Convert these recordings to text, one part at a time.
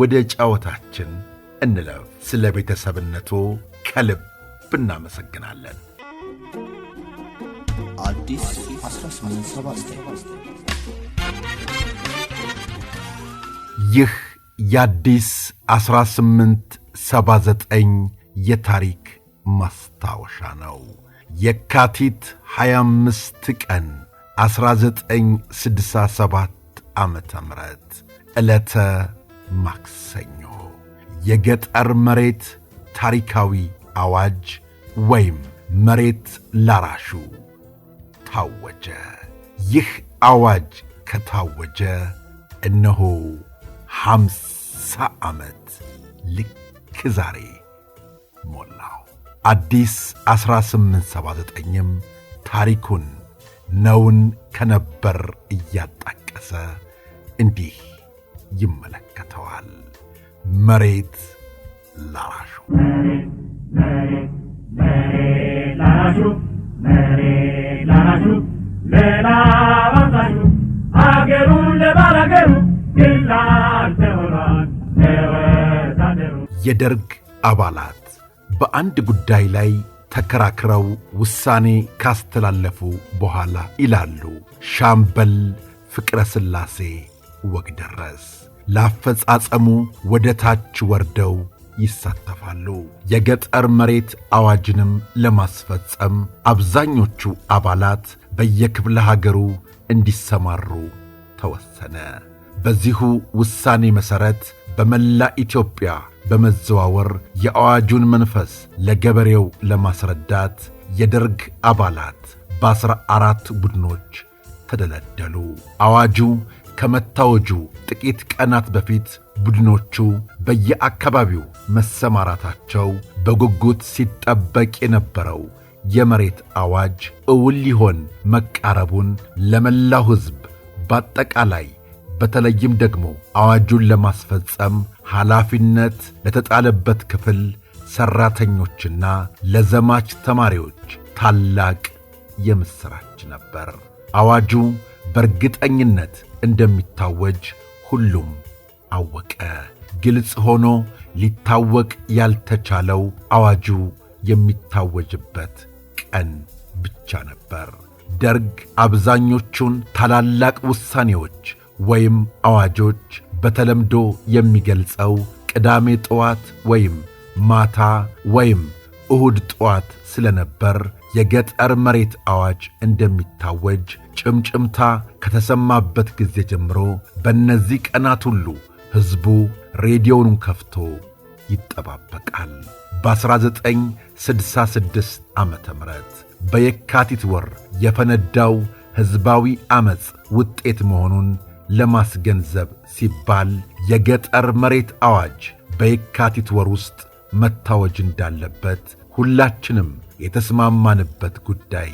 ወደ ጫወታችን እንለፍ። ስለ ቤተሰብነቱ ከልብ እናመሰግናለን። ይህ የአዲስ 1879 የታሪክ ማስታወሻ ነው። የካቲት 25 ቀን 1967 ዓ ም ዕለተ ማክሰኞ የገጠር መሬት ታሪካዊ አዋጅ ወይም መሬት ላራሹ ታወጀ። ይህ አዋጅ ከታወጀ እነሆ ሃምሳ ዓመት ልክ ዛሬ ሞላው። አዲስ 1879ም ታሪኩን ነውን ከነበር እያጣቀሰ እንዲህ ይመለከተዋል። መሬት ላራሹ የደርግ አባላት በአንድ ጉዳይ ላይ ተከራክረው ውሳኔ ካስተላለፉ በኋላ ይላሉ ሻምበል ፍቅረ ሥላሴ ወግ ድረስ ለአፈጻጸሙ ወደ ታች ወርደው ይሳተፋሉ። የገጠር መሬት አዋጅንም ለማስፈጸም አብዛኞቹ አባላት በየክፍለ ሀገሩ እንዲሰማሩ ተወሰነ። በዚሁ ውሳኔ መሠረት በመላ ኢትዮጵያ በመዘዋወር የአዋጁን መንፈስ ለገበሬው ለማስረዳት የደርግ አባላት በአስራ አራት ቡድኖች ተደለደሉ። አዋጁ ከመታወጁ ጥቂት ቀናት በፊት ቡድኖቹ በየአካባቢው መሰማራታቸው በጉጉት ሲጠበቅ የነበረው የመሬት አዋጅ እውን ሊሆን መቃረቡን ለመላው ሕዝብ በአጠቃላይ በተለይም ደግሞ አዋጁን ለማስፈጸም ኃላፊነት ለተጣለበት ክፍል ሠራተኞችና ለዘማች ተማሪዎች ታላቅ የምሥራች ነበር። አዋጁ በእርግጠኝነት እንደሚታወጅ ሁሉም አወቀ። ግልጽ ሆኖ ሊታወቅ ያልተቻለው አዋጁ የሚታወጅበት ቀን ብቻ ነበር። ደርግ አብዛኞቹን ታላላቅ ውሳኔዎች ወይም አዋጆች በተለምዶ የሚገልጸው ቅዳሜ ጠዋት ወይም ማታ ወይም እሁድ ጠዋት ስለነበር የገጠር መሬት አዋጅ እንደሚታወጅ ጭምጭምታ ከተሰማበት ጊዜ ጀምሮ በእነዚህ ቀናት ሁሉ ሕዝቡ ሬዲዮውን ከፍቶ ይጠባበቃል። በ1966 ዓ ም በየካቲት ወር የፈነዳው ሕዝባዊ ዐመፅ ውጤት መሆኑን ለማስገንዘብ ሲባል የገጠር መሬት አዋጅ በየካቲት ወር ውስጥ መታወጅ እንዳለበት ሁላችንም የተስማማንበት ጉዳይ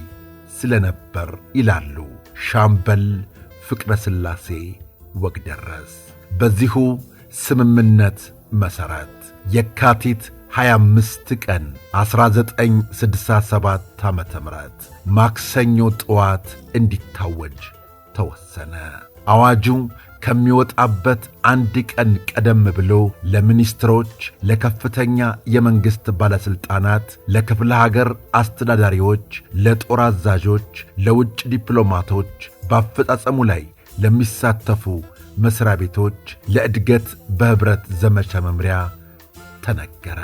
ስለነበር ይላሉ ሻምበል ፍቅረ ሥላሴ ወግደረስ። በዚሁ ስምምነት መሠረት የካቲት 25 ቀን 1967 ዓ ም ማክሰኞ ጠዋት እንዲታወጅ ተወሰነ። አዋጁ ከሚወጣበት አንድ ቀን ቀደም ብሎ ለሚኒስትሮች፣ ለከፍተኛ የመንግሥት ባለሥልጣናት፣ ለክፍለ ሀገር አስተዳዳሪዎች፣ ለጦር አዛዦች፣ ለውጭ ዲፕሎማቶች፣ በአፈጻጸሙ ላይ ለሚሳተፉ መሥሪያ ቤቶች፣ ለዕድገት በኅብረት ዘመቻ መምሪያ ተነገረ።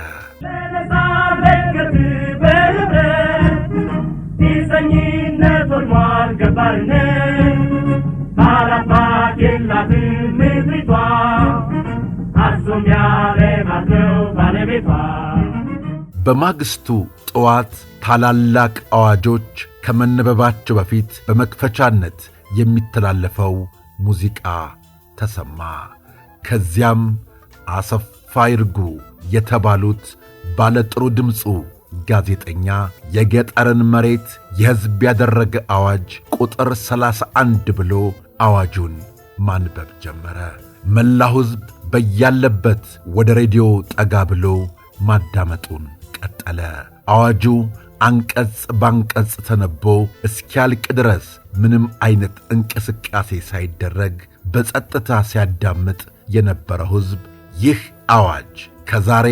ቢዘኝነት ወድሟል ገባርነት ምድሪቷ አሱም ያለማት ነው ባለቤቷ። በማግስቱ ጠዋት ታላላቅ አዋጆች ከመነበባቸው በፊት በመክፈቻነት የሚተላለፈው ሙዚቃ ተሰማ። ከዚያም አሰፋ ይርጉ የተባሉት ባለጥሩ ድምፁ ጋዜጠኛ የገጠርን መሬት የሕዝብ ያደረገ አዋጅ ቁጥር 31 ብሎ አዋጁን ማንበብ ጀመረ። መላው ሕዝብ በያለበት ወደ ሬዲዮ ጠጋ ብሎ ማዳመጡን ቀጠለ። አዋጁ አንቀጽ ባንቀጽ ተነቦ እስኪያልቅ ድረስ ምንም አይነት እንቅስቃሴ ሳይደረግ በጸጥታ ሲያዳምጥ የነበረው ሕዝብ ይህ አዋጅ ከዛሬ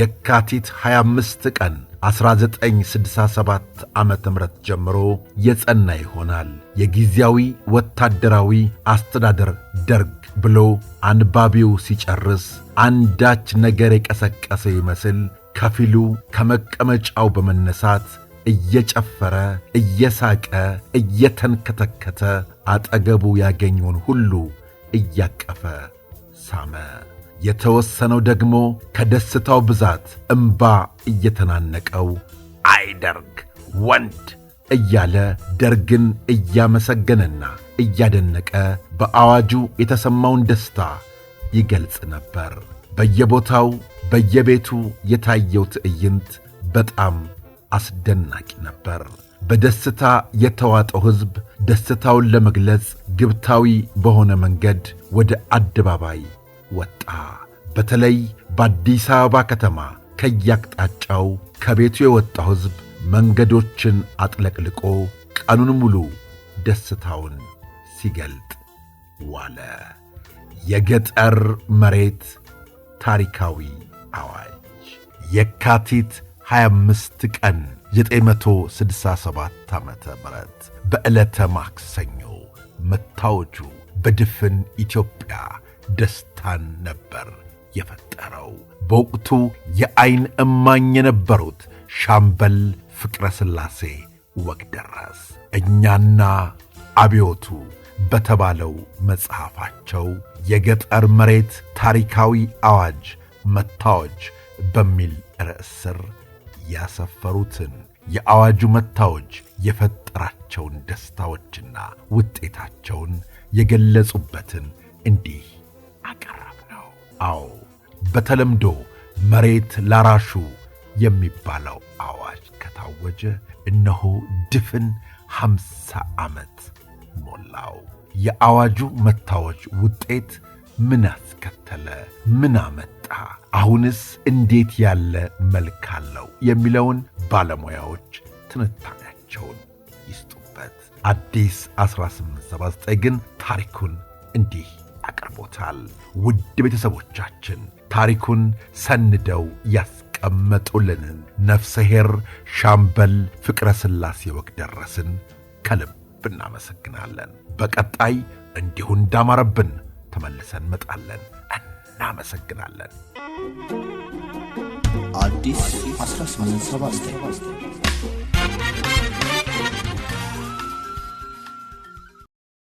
የካቲት 25 ቀን 1967 ዓ ም ጀምሮ የጸና ይሆናል። የጊዜያዊ ወታደራዊ አስተዳደር ደርግ ብሎ አንባቢው ሲጨርስ አንዳች ነገር የቀሰቀሰ ይመስል ከፊሉ ከመቀመጫው በመነሳት እየጨፈረ እየሳቀ እየተንከተከተ አጠገቡ ያገኘውን ሁሉ እያቀፈ ሳመ። የተወሰነው ደግሞ ከደስታው ብዛት እምባ እየተናነቀው አይ ደርግ ወንድ እያለ ደርግን እያመሰገነና እያደነቀ በአዋጁ የተሰማውን ደስታ ይገልጽ ነበር። በየቦታው በየቤቱ የታየው ትዕይንት በጣም አስደናቂ ነበር። በደስታ የተዋጠው ሕዝብ ደስታውን ለመግለጽ ግብታዊ በሆነ መንገድ ወደ አደባባይ ወጣ። በተለይ በአዲስ አበባ ከተማ ከያቅጣጫው ከቤቱ የወጣው ሕዝብ መንገዶችን አጥለቅልቆ ቀኑን ሙሉ ደስታውን ሲገልጥ ዋለ። የገጠር መሬት ታሪካዊ አዋጅ የካቲት 25 ቀን 967 ዓ ም በዕለተ ማክሰኞ መታወጁ በድፍን ኢትዮጵያ ደስታን ነበር የፈጠረው። በወቅቱ የዐይን እማኝ የነበሩት ሻምበል ፍቅረ ሥላሴ ወግደረስ እኛና አብዮቱ በተባለው መጽሐፋቸው የገጠር መሬት ታሪካዊ አዋጅ መታወጅ በሚል ርዕስ ስር ያሰፈሩትን የአዋጁ መታወጅ የፈጠራቸውን ደስታዎችና ውጤታቸውን የገለጹበትን እንዲህ ያቀረብ ነው። አዎ በተለምዶ መሬት ላራሹ የሚባለው አዋጅ ከታወጀ እነሆ ድፍን ሃምሳ ዓመት ሞላው። የአዋጁ መታወጅ ውጤት ምን አስከተለ? ምን አመጣ? አሁንስ እንዴት ያለ መልክ አለው? የሚለውን ባለሙያዎች ትንታኔያቸውን ይስጡበት። አዲስ 1879 ግን ታሪኩን እንዲህ አቅርቦታል። ውድ ቤተሰቦቻችን ታሪኩን ሰንደው ያስቀመጡልንን ነፍሰ ሻምበል ፍቅረ ሥላሴ ወግ ደረስን ከልብ እናመሰግናለን። በቀጣይ እንዲሁ እንዳማረብን ተመልሰን መጣለን። እናመሰግናለን። አዲስ 1879